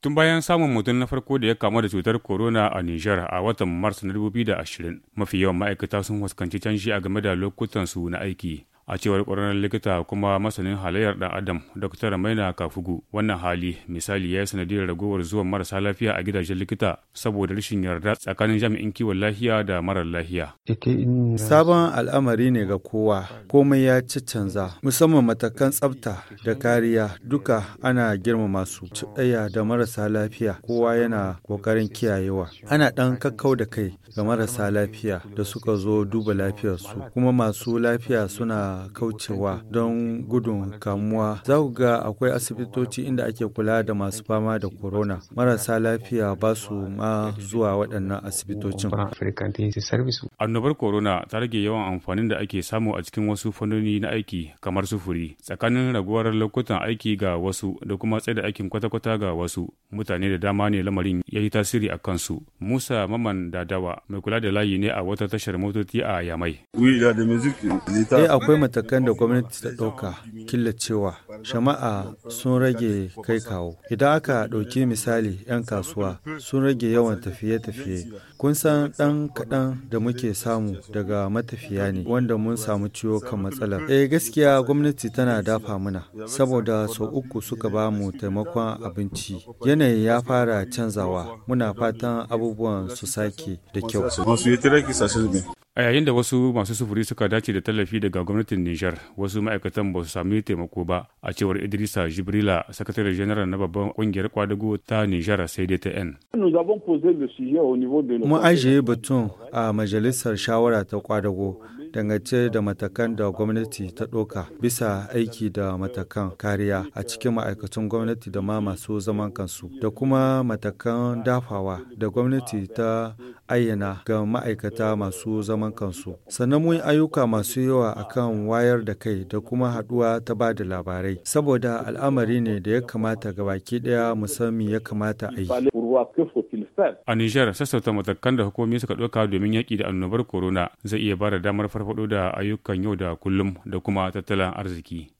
Tun bayan samun mutum na farko da ya kamu da cutar corona a Nijar a watan Mars na 2020, mafi yawan ma'aikata sun fuskanci canji a game da lokutan su na aiki. a cewar ƙwararren likita kuma masanin halayyar ɗan adam dr maina kafugu wannan hali misali ya yi sanadiyar ragowar zuwan marasa lafiya a gidajen likita saboda rashin yarda tsakanin jami'in kiwon lafiya da marar lafiya sabon al'amari ne ga kowa komai ya canza musamman matakan tsafta da kariya duka ana girmama su tsaya da marasa lafiya kowa yana ƙoƙarin kiyayewa ana ɗan kakkau da kai ga marasa lafiya da suka zo duba lafiyarsu kuma masu lafiya suna kaucewa don gudun kamuwa za ku ga akwai asibitoci inda ake kula da masu fama da corona marasa lafiya ba su ma zuwa waɗannan asibitocin annobar corona ta rage yawan amfanin da ake samu a cikin wasu fannoni na aiki kamar sufuri tsakanin raguwar lokutan aiki ga wasu da kuma tsaye da aikin kwata-kwata ga wasu mutane da dama ne lamarin ya yi tasiri a kansu musa maman dadawa mai kula da layi ne a wata tashar motoci a yamai eh, akwai matakan da gwamnati ta ɗauka killacewa shama'a sun rage kai kawo idan aka ɗauki misali 'yan kasuwa sun rage yawan tafiye-tafiye kun san ɗan kaɗan da muke samu daga matafiya ne wanda mun samu ciwo kan matsalar eh gaskiya gwamnati tana dafa mana saboda sau uku suka ba mu taimakon abinci yanayi ya fara canzawa muna fatan abubuwan su sake da kyau a yayin da wasu masu sufuri suka dace da tallafi daga gwamnatin nijar wasu ma'aikatan ba su sami taimako ba a cewar idrisa jibrila sakatare general na babban kungiyar kwadago ta nijar sai dai ta n mu ajiye batun a majalisar shawara ta kwadago dangance da matakan da gwamnati ta ɗauka bisa aiki da matakan kariya a cikin ma'aikatan gwamnati da ma masu zaman kansu da kuma matakan dafawa da gwamnati ta ayyana ga ma'aikata masu zaman kansu sannan mun ayyuka masu yawa akan wayar da kai da kuma haɗuwa ta ba da labarai saboda al'amari ne da ya kamata ga baki ɗaya musamman ya kamata a yi a nijar sassauta matakan da hukumomi suka ɗauka domin yaƙi da annobar corona zai iya ba da damar farfado da ayyukan yau da kullum da kuma tattalin arziki.